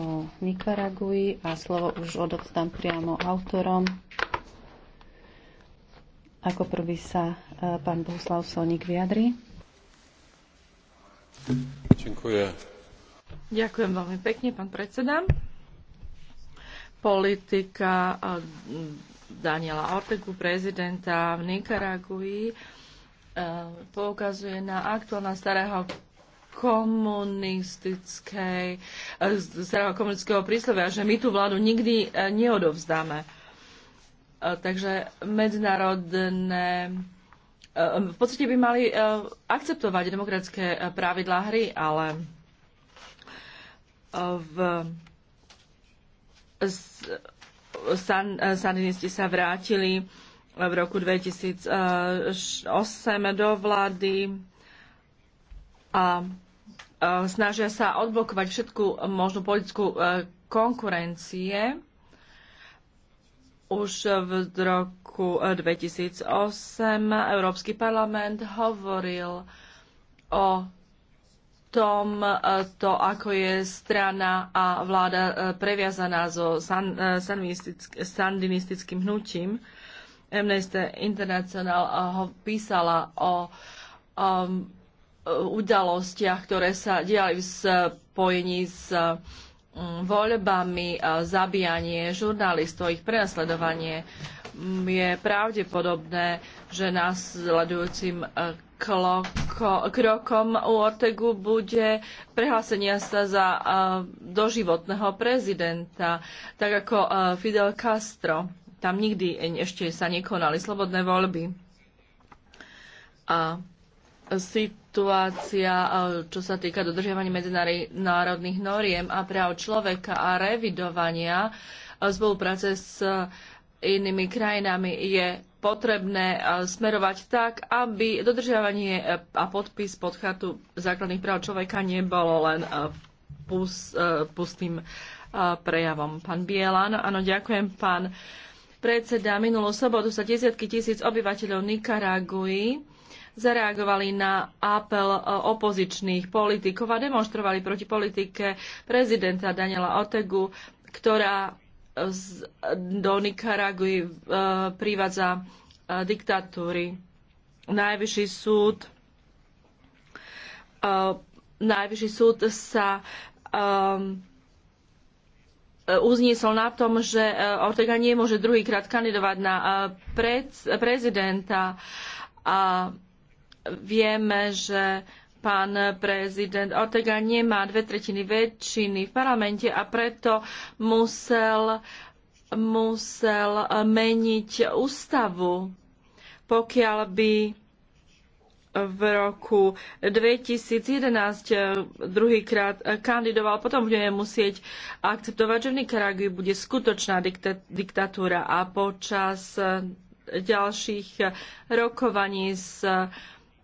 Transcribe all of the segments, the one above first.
o Nikaragui a slovo už odovzdám priamo autorom. Ako prvý sa e, pán Bohuslav Sonik vyjadri. Ďakujem. Ďakujem veľmi pekne, pán predseda. Politika e, Daniela Ortegu, prezidenta v Nikaragui, e, poukazuje na aktuálna starého komunistickej, starého eh, komunistického príslovia, že my tú vládu nikdy eh, neodovzdáme. Eh, takže medzinárodné v podstate by mali akceptovať demokratické pravidlá hry, ale v san, sandinisti sa vrátili v roku 2008 do vlády a Eh, snažia sa odblokovať všetku možnú politickú eh, konkurencie. Už v roku 2008 eh, Európsky parlament hovoril o tom, to, ako je strana a vláda previazaná so sandinistickým hnutím. Amnesty International písala o Eh, udalostiach, ktoré sa diali v spojení s mm, voľbami, eh, zabíjanie žurnalistov, ich prenasledovanie, mm, je pravdepodobné, že následujúcim eh, krokom u Ortegu bude prehlásenia sa za doživotného prezidenta, tak ako Fidel Castro. Tam nikdy ešte sa nekonali slobodné voľby. A si situácia, e, čo sa týka dodržiavania medzinárodných noriem a práv človeka a revidovania e, spolupráce s e, inými krajinami je potrebné smerovať tak, aby dodržiavanie a podpis pod chatu základných práv človeka nebolo len pustým prejavom. Pán Bielan, áno, ďakujem, pán predseda. Minulú sobotu sa desiatky tisíc obyvateľov Nikaraguji zareagovali na apel e, opozičných politikov a demonstrovali proti politike prezidenta Daniela Otegu, ktorá do Nikaraguji e, privádza e, diktatúry. Najvyšší súd Najvyšší súd sa um, uzniesol na tom, že Ortega nemôže druhýkrát kandidovať na pred, prezidenta a vieme, že pán prezident Ortega nemá dve tretiny väčšiny v parlamente a preto musel, musel meniť ústavu. Pokiaľ by v roku 2011 druhýkrát kandidoval. Potom budeme musieť akceptovať, že v Nikaragui bude skutočná diktatúra a počas ďalších rokovaní s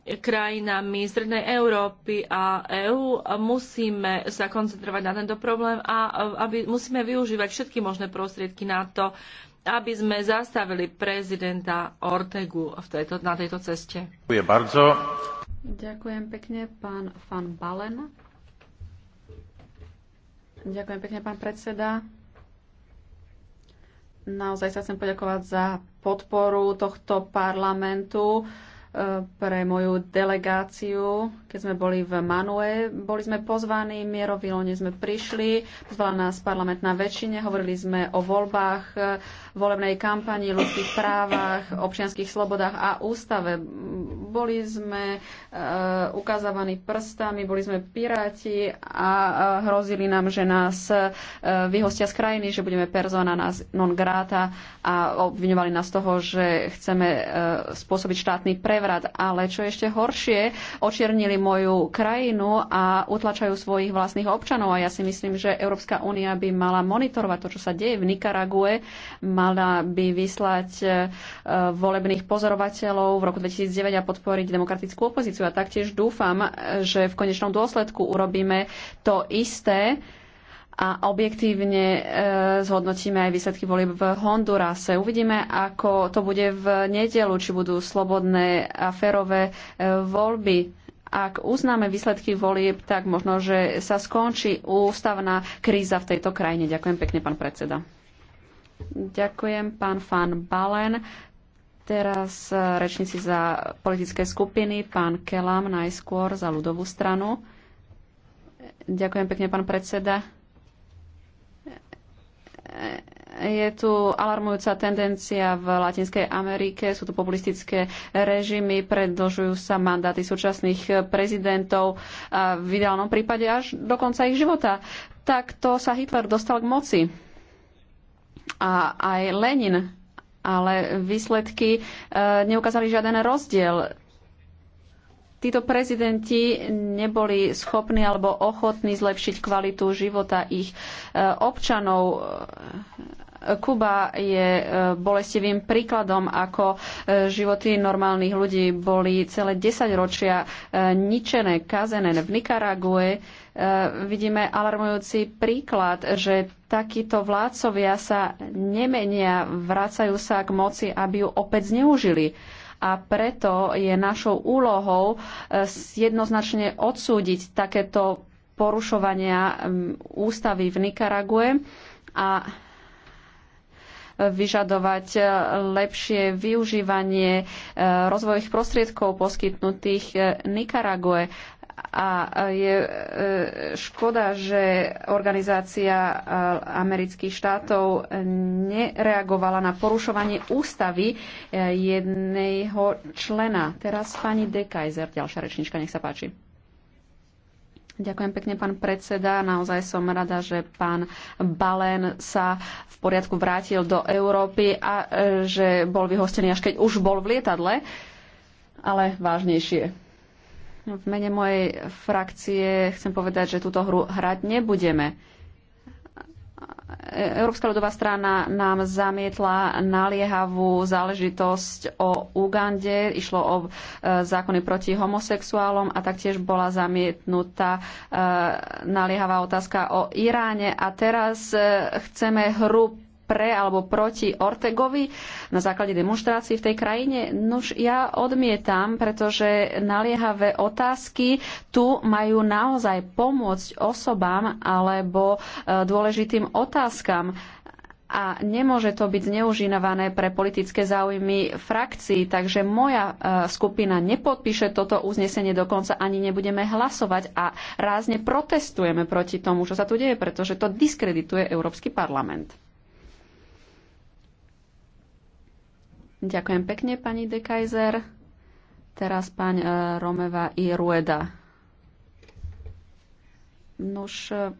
krajinami Strednej Európy a EÚ musíme sa koncentrovať na tento problém a aby, musíme využívať všetky možné prostriedky na to, aby sme zastavili prezidenta Ortegu v tejto, na tejto ceste. Ďakujem bardzo. Ďakujem pekne, pán Van Balen. Ďakujem pekne, pán predseda. Naozaj sa chcem poďakovať za podporu tohto parlamentu pre moju delegáciu, keď sme boli v Manue. Boli sme pozvaní, mierovilne sme prišli, pozvala nás parlamentná väčšine, hovorili sme o voľbách, volebnej kampani, ľudských právach, občianských slobodách a ústave. Boli sme e, prstami, boli sme piráti a e, hrozili nám, že nás e, vyhostia z krajiny, že budeme persona nás non grata a obviňovali nás toho, že chceme e, spôsobiť štátny prevedenie návrat. Ale čo ešte horšie, očiernili moju krajinu a utlačajú svojich vlastných občanov. A ja si myslím, že Európska únia by mala monitorovať to, čo sa deje v Nikarague. Mala by vyslať e, volebných pozorovateľov v roku 2009 a podporiť demokratickú opozíciu. A taktiež dúfam, e, že v konečnom dôsledku urobíme to isté, a objektívne e, zhodnotíme aj výsledky volieb v Hondurase. Uvidíme, ako to bude v nedelu, či budú slobodné a férové e, voľby. Ak uznáme výsledky volieb, tak možno, že sa skončí ústavná kríza v tejto krajine. Ďakujem pekne, pán predseda. Ďakujem, pán Fan Balen. Teraz e, rečníci za politické skupiny, pán Kelam najskôr za ľudovú stranu. Ďakujem pekne, pán predseda je tu alarmujúca tendencia v Latinskej Amerike, sú tu populistické režimy, predlžujú sa mandáty súčasných prezidentov a v ideálnom prípade až do konca ich života. Takto sa Hitler dostal k moci. A aj Lenin, ale výsledky e, neukázali žiaden rozdiel títo prezidenti neboli schopní alebo ochotní zlepšiť kvalitu života ich e, občanov Kuba je e, bolestivým príkladom, ako e, životy normálnych ľudí boli celé 10 ročia e, ničené, kazené. V Nikarague vidíme alarmujúci príklad, že takíto vládcovia sa nemenia, vracajú sa k moci, aby ju opäť zneužili a preto je našou úlohou jednoznačne odsúdiť takéto porušovania ústavy v Nikarague a vyžadovať lepšie využívanie e, rozvojových prostriedkov poskytnutých e, Nikarague. A je e, škoda, že organizácia amerických štátov nereagovala na porušovanie ústavy jedného člena. Teraz pani De Kaiser, ďalšia rečnička, nech sa páči. Ďakujem pekne, pán predseda. Naozaj som rada, že pán Balen sa v poriadku vrátil do Európy a e, že bol vyhostený, až keď už bol v lietadle, ale vážnejšie. V mene mojej frakcie chcem povedať, že túto hru hrať nebudeme. Európska ľudová strana nám zamietla naliehavú záležitosť o Ugande. Išlo o e, zákony proti homosexuálom a taktiež bola zamietnutá e, naliehavá otázka o Iráne. A teraz e, chceme hru pre alebo proti Ortegovi na základe demonstrácií v tej krajine? Nož ja odmietam, pretože naliehavé otázky tu majú naozaj pomôcť osobám alebo e, dôležitým otázkam a nemôže to byť zneužívané pre politické záujmy frakcií, takže moja e, skupina nepodpíše toto uznesenie, dokonca ani nebudeme hlasovať a rázne protestujeme proti tomu, čo sa tu deje, pretože to diskredituje Európsky parlament. Ďakujem pekne, pani De Kaiser. Teraz pán e, Romeva i Rueda. Nuž, e,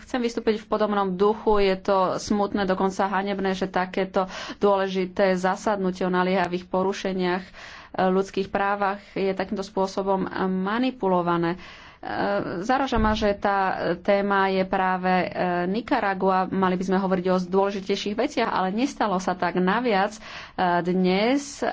chcem vystúpiť v podobnom duchu. Je to smutné, dokonca hanebné, že takéto dôležité zasadnutie o naliehavých porušeniach e, ľudských právach je takýmto spôsobom manipulované. Uh, Zaraža ma, že tá téma je práve e, Nikaragua. Mali by sme hovoriť o dôležitejších veciach, ale nestalo sa tak naviac. E, dnes e,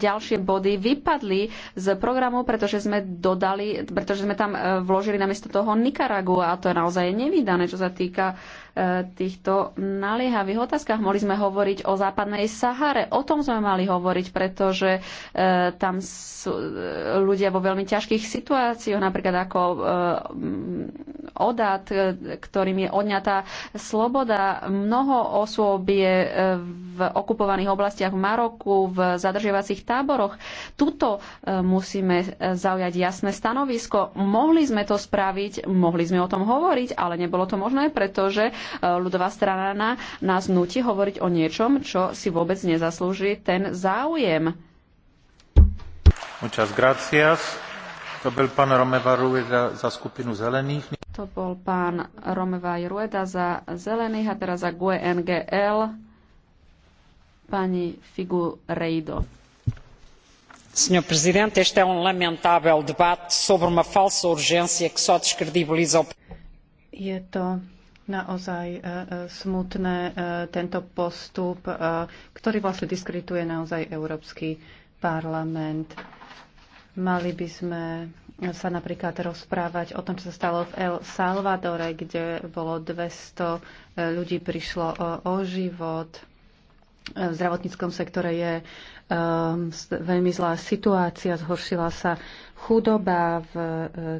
ďalšie body vypadli z programu, pretože sme dodali, pretože sme tam e, vložili namiesto toho Nikaragu a to je naozaj nevydané, čo sa týka e, týchto naliehavých otázkach. Mohli sme hovoriť o západnej Sahare, o tom sme mali hovoriť, pretože e, tam sú ľudia vo veľmi ťažkých situáciách, napríklad ako odat, ktorým je odňatá sloboda. Mnoho osôb je v okupovaných oblastiach v Maroku, v zadržiavaní vyučovacích táboroch. Tuto e, musíme e, zaujať jasné stanovisko. Mohli sme to spraviť, mohli sme o tom hovoriť, ale nebolo to možné, pretože e, ľudová strana nás nutí hovoriť o niečom, čo si vôbec nezaslúži ten záujem. Muchas gracias. To bol pán Romeva Rueda za skupinu zelených. To bol pán Romeva Rueda za zelených a teraz za GUE NGL pani Figu Rejdo senhor presidente este é um lamentável debate sobre uma falsa urgência que só descredibiliza o Je to naozaj eh, eh, smutné eh, tento postup, ktorý vlastne diskredituje naozaj Európsky parlament. Mali by sme sa napríklad rozprávať o tom, čo sa stalo v El Salvadore, kde bolo 200 ľudí prišlo o život v zdravotníckom sektore je ehm, veľmi zlá situácia, zhoršila sa chudoba v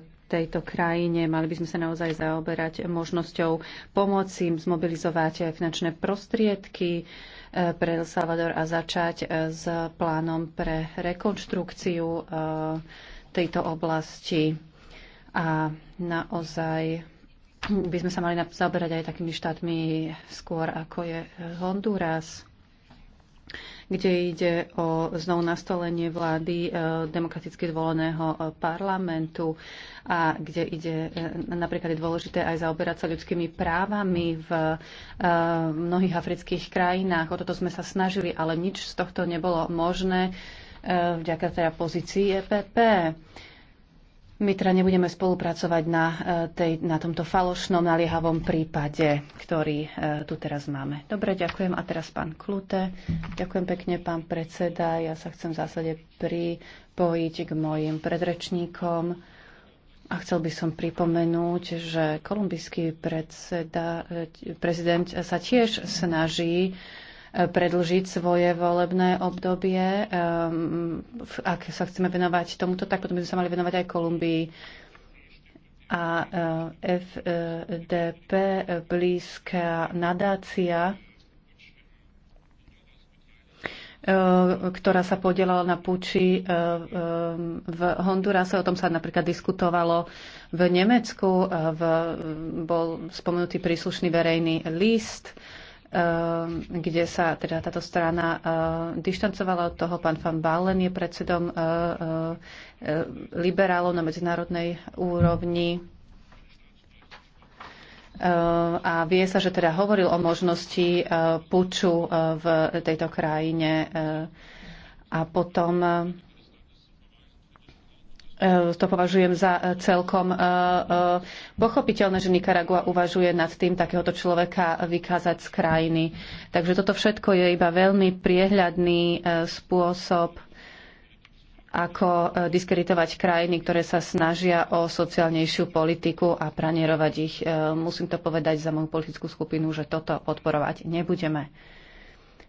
e, tejto krajine. Mali by sme sa naozaj zaoberať možnosťou pomoci im zmobilizovať finančné prostriedky e, pre El Salvador a začať e, s plánom pre rekonštrukciu tejto oblasti. A naozaj by sme sa mali zaoberať aj takými štátmi skôr, ako je Honduras kde ide o znovu nastolenie vlády e, demokraticky zvoleného e, parlamentu a kde ide e, napríklad je dôležité aj zaoberať sa ľudskými právami v mnohých afrických krajinách. O toto sme sa snažili, ale nič z tohto nebolo možné vďaka teda pozícii EPP. My teda nebudeme spolupracovať na, e, tej, na tomto falošnom naliehavom prípade, ktorý e, tu teraz máme. Dobre, ďakujem. A teraz pán Klute. Ďakujem pekne, pán predseda. Ja sa chcem v zásade pripojiť k mojim predrečníkom. A chcel by som pripomenúť, že kolumbijský predseda, e, prezident sa tiež snaží predlžiť svoje volebné obdobie. Ehm, ak sa chceme venovať tomuto, tak potom by sme sa mali venovať aj Kolumbii a eh, FDP blízka nadácia, eh, ktorá sa podielala na púči eh, v Hondurase. O tom sa napríklad diskutovalo v Nemecku. V, bol spomenutý príslušný verejný list Ehm, kde sa teda táto strana ehm, dištancovala od toho. Pán Van Balen je predsedom ehm, liberálov na medzinárodnej úrovni a vie sa, že teda hovoril o možnosti puču v tejto krajine a potom E, to považujem za e, celkom e, pochopiteľné, že Nikaragua uvažuje nad tým takéhoto človeka vykázať z krajiny. Takže toto všetko je iba veľmi priehľadný spôsob ako diskreditovať krajiny, ktoré sa snažia o sociálnejšiu politiku a pranierovať ich. Musím to povedať za moju politickú skupinu, že toto podporovať nebudeme.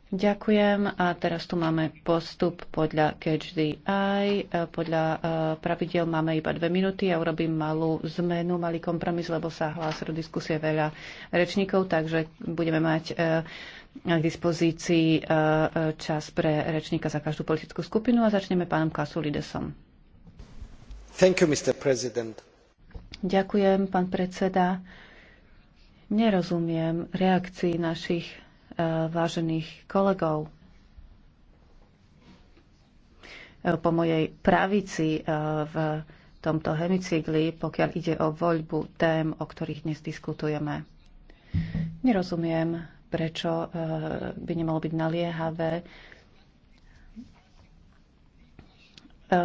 Ďakujem a teraz tu máme postup podľa Catch the Eye. E, podľa e, pravidel máme iba dve minúty a ja urobím malú zmenu, malý kompromis, lebo sa hlási do diskusie veľa rečníkov, takže budeme mať k e, dispozícii čas pre rečníka za každú politickú skupinu a začneme pánom Kasulidesom. Thank you, Mr. President. Ďakujem, pán predseda. Nerozumiem reakcii našich Eh, vážených kolegov. Eh, po mojej pravici eh, v tomto hemicykli, pokiaľ ide o voľbu tém, o ktorých dnes diskutujeme. Nerozumiem, prečo by nemalo byť naliehavé Eh,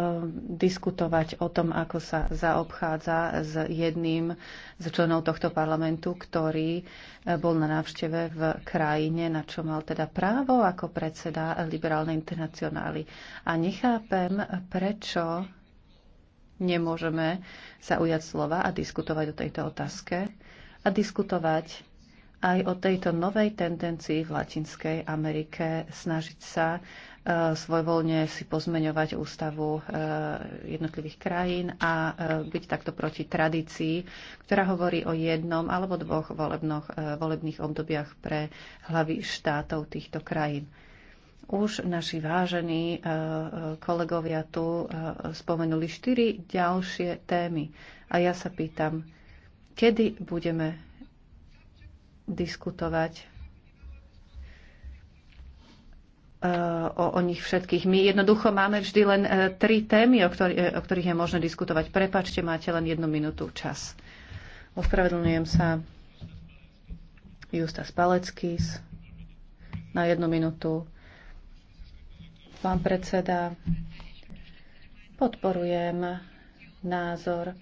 diskutovať o tom, ako sa zaobchádza s jedným z členov tohto parlamentu, ktorý eh, bol na návšteve v krajine, na čo mal teda právo ako predseda Liberálnej internacionály. A nechápem, prečo nemôžeme sa ujať slova a diskutovať o tejto otázke a diskutovať aj o tejto novej tendencii v Latinskej Amerike snažiť sa E, svojvoľne si pozmeňovať ústavu e, jednotlivých krajín a e, byť takto proti tradícii, ktorá hovorí o jednom alebo dvoch volebných obdobiach pre hlavy štátov týchto krajín. Už naši vážení kolegovia tu spomenuli štyri ďalšie témy. A ja sa pýtam, kedy budeme diskutovať o, o nich všetkých. My jednoducho máme vždy len e, tri témy, o, ktorý, e, o ktorých je možné diskutovať. Prepačte, máte len jednu minútu čas. Ospravedlňujem sa. Justas Paleckis na jednu minútu. Pán predseda, podporujem názor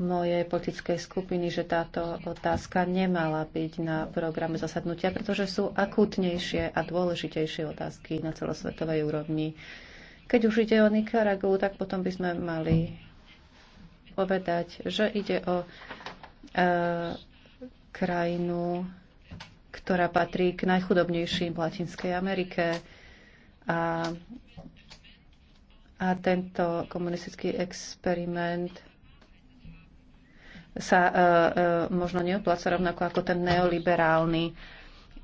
mojej politickej skupiny, že táto otázka nemala byť na programe zasadnutia, pretože sú akútnejšie a dôležitejšie otázky na celosvetovej úrovni. Keď už ide o Nikaragu, tak potom by sme mali povedať, že ide o e, krajinu, ktorá patrí k najchudobnejším v Latinskej Amerike. A, a tento komunistický experiment sa e, e, možno neopláca rovnako ako ten neoliberálny.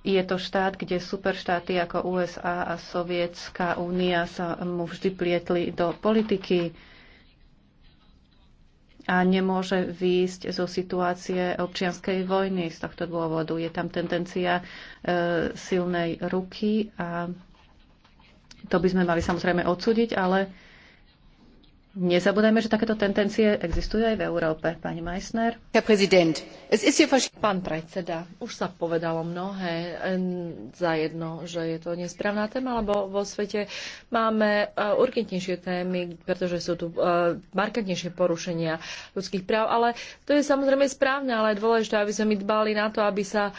Je to štát, kde superštáty ako USA a Sovietská únia sa mu vždy plietli do politiky a nemôže výjsť zo situácie občianskej vojny z tohto dôvodu. Je tam tendencia e, silnej ruky a to by sme mali samozrejme odsúdiť, ale Nezabúdajme, že takéto tendencie existujú aj v Európe. Pani Meissner. Pán predseda, už sa povedalo mnohé za jedno, že je to nesprávna téma, lebo vo svete máme e, urgentnejšie témy, pretože sú tu e, markantnejšie porušenia ľudských práv, ale to je samozrejme správne, ale je dôležité, aby sme my dbali na to, aby sa e,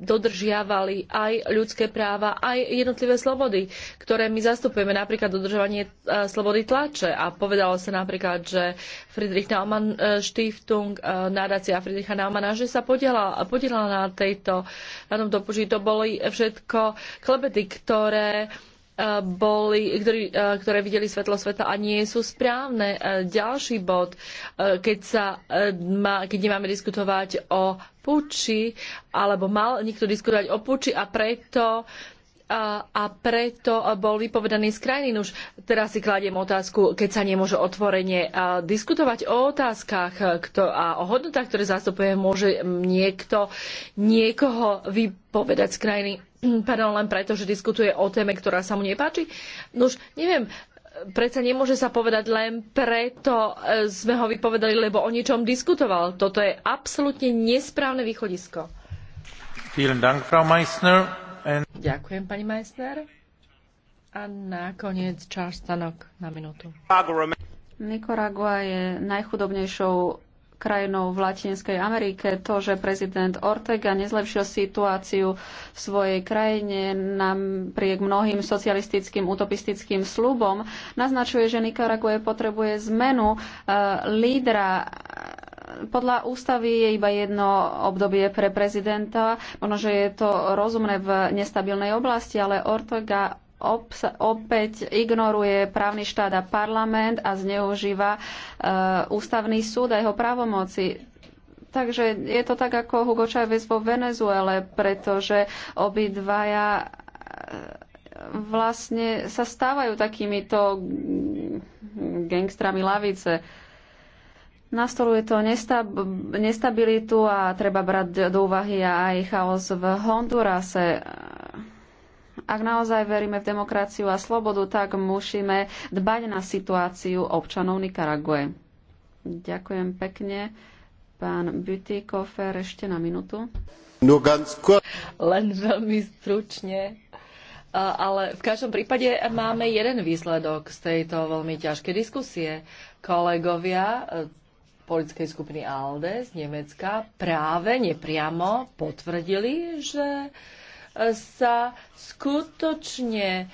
dodržiavali aj ľudské práva, aj jednotlivé slobody, ktoré my zastupujeme, napríklad dodržovanie slobody tlače a povedalo sa napríklad, že Friedrich Naumann e, Stiftung, e, nadácia Friedricha Naumana, že sa podielala, podielala na, tejto, na tomto poži. To boli všetko klebety, ktoré e, boli, ktorý, ktoré videli svetlo sveta a nie sú správne. Ďalší bod, keď, sa má, keď nemáme diskutovať o puči, alebo mal niekto diskutovať o puči a preto uh, a, preto bol vypovedaný z krajiny. Už teraz si kladiem otázku, keď sa nemôže otvorene diskutovať o otázkach kto, a o hodnotách, ktoré zastupuje, môže niekto niekoho vypovedať z krajiny pardon, len preto, že diskutuje o téme, ktorá sa mu nepáči. No už neviem, predsa nemôže sa povedať len preto e, sme ho vypovedali, lebo o niečom diskutoval. Toto je absolútne nesprávne východisko. Vielen Dank, Frau Meissner. Ďakujem, pani Meissner. A nakoniec Charles Stanok na minútu. Nicaragua je najchudobnejšou krajinou v Latinskej Amerike. To, že prezident Ortega nezlepšil situáciu v svojej krajine napriek mnohým socialistickým utopistickým slubom, naznačuje, že Nicaragua potrebuje zmenu uh, lídra podľa ústavy je iba jedno obdobie pre prezidenta. Možno, že je to rozumné v nestabilnej oblasti, ale Ortega opäť ignoruje právny štát a parlament a zneužíva e, ústavný súd a jeho právomoci. Takže je to tak ako Hugo Chávez vo Venezuele, pretože obidvaja e, vlastne sa stávajú takýmito gangstrami lavice. Nastoluje to nestabilitu a treba brať do úvahy aj chaos v Hondurase. Ak naozaj veríme v demokraciu a slobodu, tak musíme dbať na situáciu občanov Nikarague. Ďakujem pekne. Pán Butikofer, ešte na minútu. No, Len veľmi stručne ale v každom prípade máme jeden výsledok z tejto veľmi ťažkej diskusie. Kolegovia politickej skupiny ALDE z Nemecka práve nepriamo potvrdili, že e, sa skutočne e,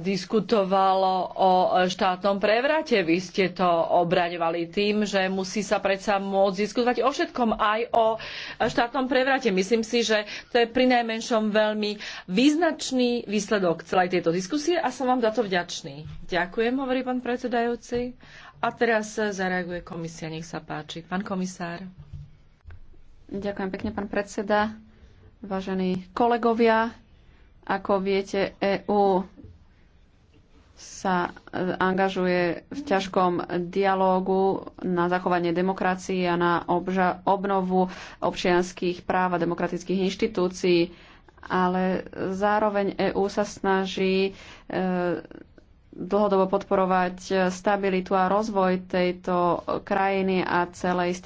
diskutovalo o e, štátnom prevrate. Vy ste to obraňovali tým, že musí sa predsa môcť diskutovať o všetkom, aj o štátnom prevrate. Myslím si, že to je pri najmenšom veľmi význačný výsledok celej tejto diskusie a som vám za to vďačný. Ďakujem, hovorí pán predsedajúci. A teraz zareaguje komisia, nech sa páči. Pán komisár. Ďakujem pekne, pán predseda. Vážení kolegovia, ako viete, EÚ sa e, angažuje v ťažkom dialógu na zachovanie demokracie a na obža- obnovu občianských práv a demokratických inštitúcií, ale zároveň EÚ sa snaží e, dlhodobo podporovať eh, stabilitu a rozvoj tejto krajiny a celej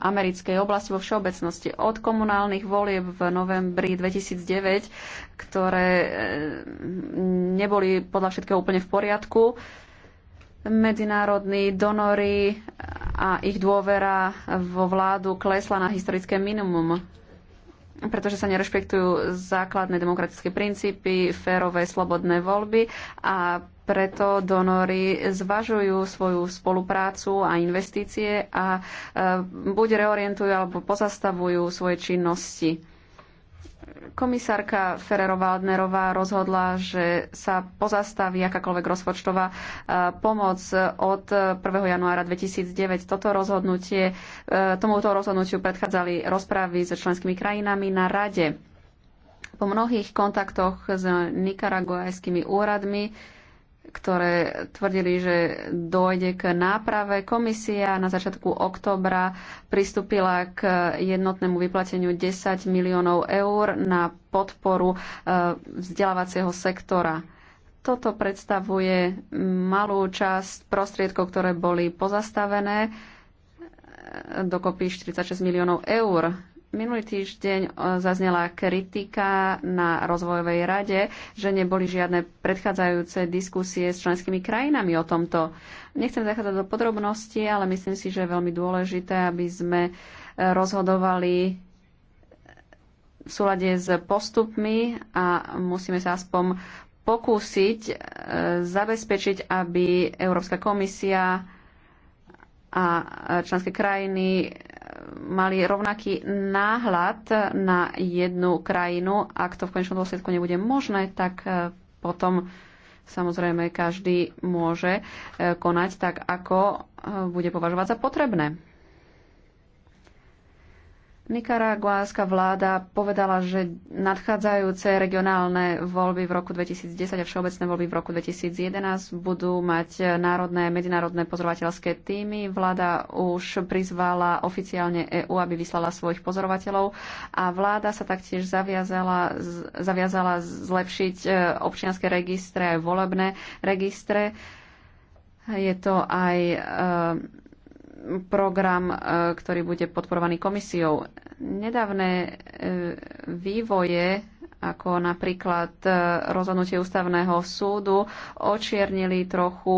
americkej oblasti vo všeobecnosti. Od komunálnych volieb v novembri 2009, ktoré eh, neboli podľa všetkého úplne v poriadku, medzinárodní donory a ich dôvera vo vládu klesla na historické minimum pretože sa nerešpektujú základné demokratické princípy, férové, slobodné voľby a preto donory zvažujú svoju spoluprácu a investície a e, buď reorientujú alebo pozastavujú svoje činnosti Komisárka Ferrero-Waldnerová rozhodla, že sa pozastaví akákoľvek rozpočtová e, pomoc od 1. januára 2009. Toto rozhodnutie, e, tomuto rozhodnutiu predchádzali rozprávy so členskými krajinami na rade. Po mnohých kontaktoch s nikaraguajskými úradmi ktoré tvrdili, že dojde k náprave. Komisia na začiatku oktobra pristúpila k jednotnému vyplateniu 10 miliónov eur na podporu e, vzdelávacieho sektora. Toto predstavuje malú časť prostriedkov, ktoré boli pozastavené, e, dokopy 46 miliónov eur Minulý týždeň e, zaznela kritika na rozvojovej rade, že neboli žiadne predchádzajúce diskusie s členskými krajinami o tomto. Nechcem zachádzať do podrobností, ale myslím si, že je veľmi dôležité, aby sme e, rozhodovali v súlade s postupmi a musíme sa aspoň pokúsiť e, zabezpečiť, aby Európska komisia a členské krajiny mali rovnaký náhľad na jednu krajinu. Ak to v konečnom dôsledku nebude možné, tak e, potom samozrejme každý môže e, konať tak, ako e, bude považovať za potrebné. Nikaraguánska vláda povedala, že nadchádzajúce regionálne voľby v roku 2010 a všeobecné voľby v roku 2011 budú mať národné medzinárodné pozorovateľské týmy. Vláda už prizvala oficiálne EÚ, aby vyslala svojich pozorovateľov a vláda sa taktiež zaviazala, zaviazala zlepšiť e, občianské registre aj volebné registre. Je to aj e, program, e, ktorý bude podporovaný komisiou. Nedávne e, vývoje, ako napríklad e, rozhodnutie ústavného súdu, očiernili trochu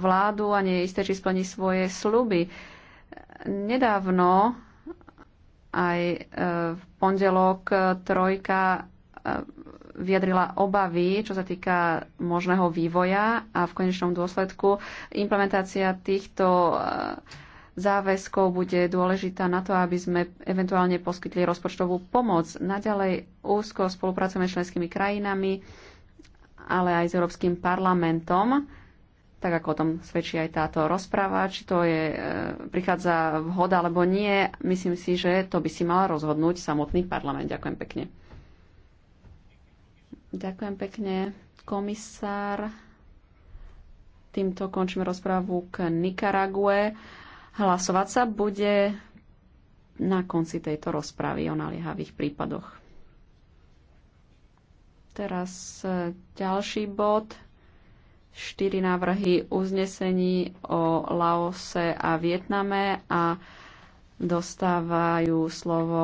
vládu a nie je isté, či splní svoje sluby. Nedávno aj v pondelok trojka vyjadrila obavy, čo sa týka možného vývoja a v konečnom dôsledku implementácia týchto eh, záväzkov bude dôležitá na to, aby sme eventuálne poskytli rozpočtovú pomoc. Naďalej úzko spolupracujeme s členskými krajinami, ale aj s Európskym parlamentom, tak ako o tom svedčí aj táto rozpráva, či to je, eh, prichádza vhoda alebo nie. Myslím si, že to by si mal rozhodnúť samotný parlament. Ďakujem pekne. Ďakujem pekne, komisár. Týmto končím rozprávu k Nikarague. Hlasovať sa bude na konci tejto rozpravy o naliehavých prípadoch. Teraz e, ďalší bod. Štyri návrhy uznesení o Laose a Vietname a dostávajú slovo